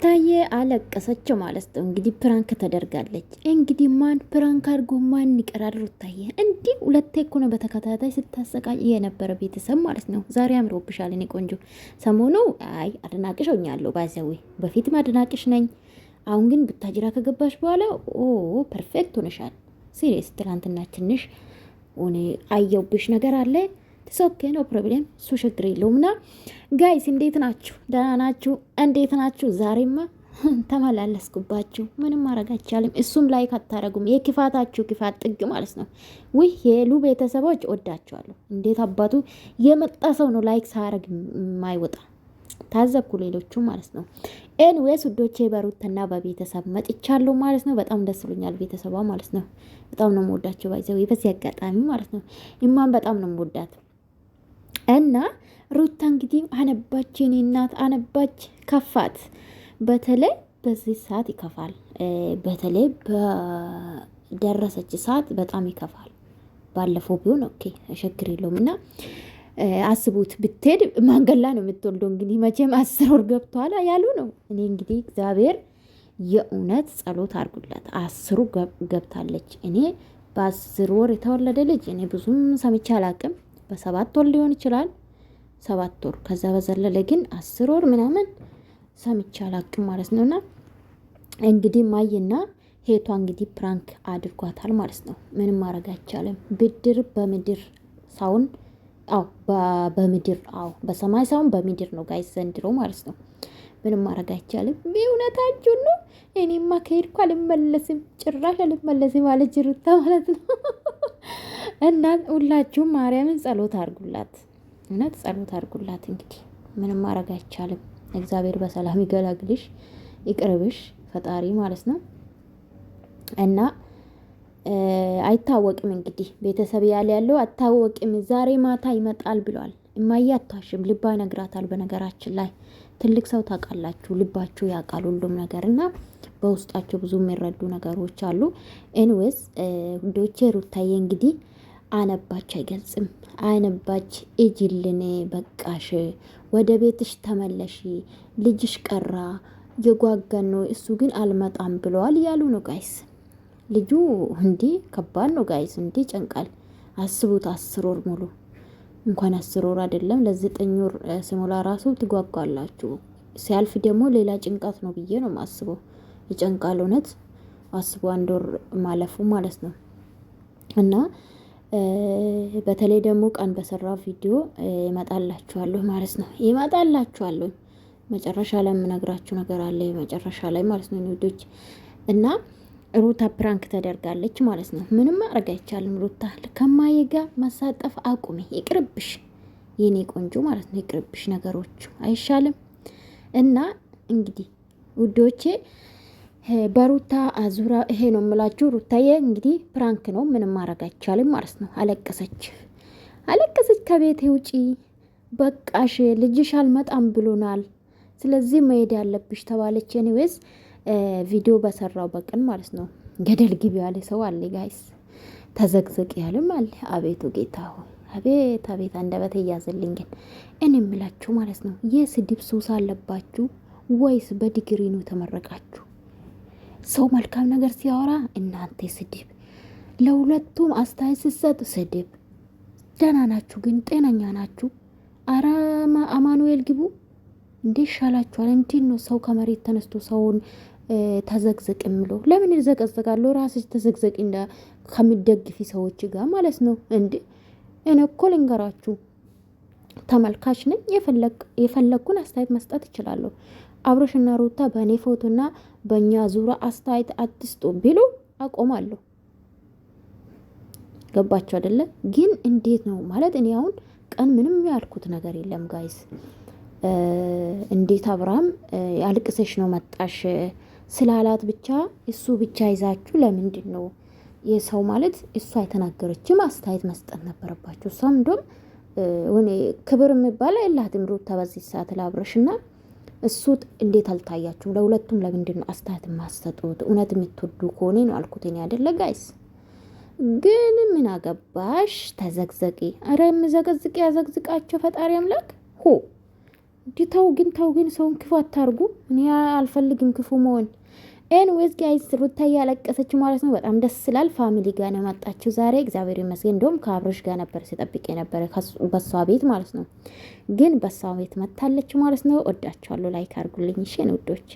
ታየ አለቀሰችው ማለት ነው። እንግዲህ ፕራንክ ተደርጋለች። እንግዲህ ማን ፕራንክ አድርጎ ማን ይቀራል? ታየ እንዲህ ሁለቴ እኮ ነው በተከታታይ ስታሰቃይ የነበረ ቤተሰብ ማለት ነው። ዛሬ አምሮብሻል እኔ ቆንጆ። ሰሞኑ አይ አድናቂሽ ሆኛለሁ። ባዘዊ በፊትም አድናቂሽ ነኝ። አሁን ግን ብታጅራ ከገባሽ በኋላ ኦ ፐርፌክት ሆነሻል። ሲሪየስ ትላንትና ትንሽ ሆኔ አየውብሽ ነገር አለ ሶኬ ነው ፕሮብሌም እሱ ችግር የለውም። ጋይስ እንዴት ናችሁ? ደህና ናችሁ? እንዴት ናችሁ? ዛሬማ ተመላለስኩባችሁ። ምንም ማድረግ አይቻልም። እሱም ላይክ አታረጉም። የክፋታችሁ ክፋት ጥግ ማለት ነው። ውህ የሉ ቤተሰቦች ወዳችኋለሁ። እንዴት አባቱ የመጣ ሰው ነው ላይክ ሳያረግ የማይወጣ ታዘብኩ። ሌሎቹ ማለት ነው። ኤንዌስ ውዶቼ በሩትና በቤተሰብ መጥቻለሁ ማለት ነው። በጣም ደስ ብሎኛል። ቤተሰቧ ማለት ነው። በጣም ነው የምወዳቸው። ባይዘው በዚህ አጋጣሚ ማለት ነው። እማን በጣም ነው የምወዳት እና ሩታ እንግዲህ አነባች፣ የኔ እናት አነባች፣ ከፋት። በተለይ በዚህ ሰዓት ይከፋል። በተለይ በደረሰች ሰዓት በጣም ይከፋል። ባለፈው ቢሆን ኦኬ ችግር የለውም እና አስቡት ብትሄድ ማንገላ ነው የምትወልደው። እንግዲህ መቼም አስር ወር ገብቷል ያሉ ነው። እኔ እንግዲህ እግዚአብሔር የእውነት ጸሎት አድርጉላት። አስሩ ገብታለች። እኔ በአስር ወር የተወለደ ልጅ እኔ ብዙም ሰምቼ አላቅም። በሰባት ወር ሊሆን ይችላል። ሰባት ወር ከዛ በዘለለ ግን አስር ወር ምናምን ሰምቼ አላቅም ማለት ነው። እና እንግዲህ ማይና ሄቷ እንግዲህ ፕራንክ አድርጓታል ማለት ነው። ምንም ማድረግ አይቻልም። ብድር በምድር ሳውን አው በምድር አው በሰማይ ሳውን በምድር ነው ጋይ ዘንድሮ ማለት ነው። ምንም ማድረግ አይቻልም። እውነታችሁን ነው። እኔማ ከሄድኩ አልመለስም፣ ጭራሽ አልመለስም አለ ጅሩታ ማለት ነው። እና ሁላችሁም ማርያምን ጸሎት አድርጉላት፣ እውነት ጸሎት አድርጉላት። እንግዲህ ምንም ማድረግ አይቻልም። እግዚአብሔር በሰላም ይገላግልሽ፣ ይቅርብሽ ፈጣሪ ማለት ነው። እና አይታወቅም እንግዲህ ቤተሰብ ያለ ያለው አይታወቅም። ዛሬ ማታ ይመጣል ብሏል። እማዬ አታሽም፣ ልባ ነግራታል። በነገራችን ላይ ትልቅ ሰው ታውቃላችሁ፣ ልባችሁ ያውቃል ሁሉም ነገር እና በውስጣቸው ብዙ የሚረዱ ነገሮች አሉ። ኤንዌስ ዶቼ ሩታዬ እንግዲህ አነባች አይገልጽም። አነባች እጅልኔ በቃሽ፣ ወደ ቤትሽ ተመለሺ፣ ልጅሽ ቀራ የጓጋን ነው እሱ ግን አልመጣም ብለዋል ያሉ ነው ጋይስ። ልጁ እንዲ ከባድ ነው ጋይስ፣ እንዲ ጨንቃል። አስቡት አስር ወር ሙሉ እንኳን አስር ወር አይደለም ለዘጠኝ ወር ስሞላ ራሱ ትጓጓላችሁ። ሲያልፍ ደግሞ ሌላ ጭንቀት ነው ብዬ ነው ማስበው። የጨንቃል እውነት አስቡ፣ አንድ ወር ማለፉ ማለት ነው እና በተለይ ደግሞ ቀን በሰራው ቪዲዮ ይመጣላችኋለሁ ማለት ነው። ይመጣላችኋለሁ መጨረሻ ላይ የምነግራችሁ ነገር አለ መጨረሻ ላይ ማለት ነው ውዶች። እና ሩታ ፕራንክ ተደርጋለች ማለት ነው። ምንም ማድረግ አይቻልም። ሩታ ከማዬ ጋር መሳጠፍ አቁሜ ይቅርብሽ፣ የኔ ቆንጆ ማለት ነው ይቅርብሽ ነገሮቹ አይሻልም። እና እንግዲህ ውዶቼ በሩታ አዙራ ይሄ ነው የምላችሁ። ሩታዬ እንግዲህ ፕራንክ ነው፣ ምንም ማድረግ አይቻልም ማለት ነው። አለቀሰች አለቀሰች። ከቤት ውጪ በቃሽ፣ ልጅሽ አልመጣም ብሎናል፣ ስለዚህ መሄድ ያለብሽ ተባለች። ኒዌዝ ቪዲዮ በሰራው በቀን ማለት ነው ገደል ግቢ ያለ ሰው አለ፣ ጋይስ ተዘግዘቅ ያለም አለ። አቤቱ ጌታ ሆ አቤት አቤት፣ አንደበት እያዘልኝ። ግን እኔ የምላችሁ ማለት ነው የስድብ ሱስ አለባችሁ ወይስ በዲግሪ ነው ተመረቃችሁ? ሰው መልካም ነገር ሲያወራ እናንተ ስድብ፣ ለሁለቱም አስተያየት ሲሰጥ ስድብ። ደህና ናችሁ ግን ጤነኛ ናችሁ? አረ አማኑኤል ግቡ እንዴ ይሻላችኋል። እንዲህ ነው ሰው ከመሬት ተነስቶ ሰውን ተዘግዘቅ የምለው ለምን ይዘቀዘቃለሁ? ራስሽ ተዘግዘቂ እንዳ ከሚደግፊ ሰዎች ጋር ማለት ነው እንዴ። እኔ እኮ ልንገራችሁ ተመልካች ነኝ። የፈለግኩን አስተያየት መስጠት እችላለሁ። አብሮሽና ሩታ በእኔ ፎቶና በእኛ ዙራ አስተያየት አትስጡ ቢሉ አቆማለሁ። ገባቸው አይደለ? ግን እንዴት ነው ማለት እኔ አሁን ቀን ምንም ያልኩት ነገር የለም ጋይስ። እንዴት አብርሃም አልቅሰሽ ነው መጣሽ ስላላት ብቻ እሱ ብቻ ይዛችሁ ለምንድን ነው የሰው ማለት እሷ የተናገረችም አስተያየት መስጠት ነበረባቸው። እሷም እንዲሁም ክብር የሚባል የላትም ሩታ በዚህ ሰዓት ለአብርሽ እና እሱ እንዴት አልታያችሁም? ለሁለቱም ለምንድን ነው አስተያየት የማትሰጡት? እውነት የምትወዱ ከሆነ ነው አልኩት። እኔ አይደለ ጋይስ ግን ምን አገባሽ ተዘግዘቂ። አረ የምዘገዝቅ ያዘግዝቃቸው ፈጣሪ አምላክ ሆ እንዲህ። ተው ግን ተው ግን ሰውን ክፉ አታርጉ። እኔ አልፈልግም ክፉ መሆን ኤንዌዝ ጋይዝ ሩታ እያለቀሰች ማለት ነው። በጣም ደስ ስላል ፋሚሊ ጋር ነው መጣችው ዛሬ እግዚአብሔር ይመስገን። እንደውም ከአብሮሽ ጋር ነበር ሲጠብቅ የነበረ በሷ ቤት ማለት ነው። ግን በሷ ቤት መታለች ማለት ነው። ወዳችኋለሁ። ላይክ አርጉልኝ ሽን ውዶች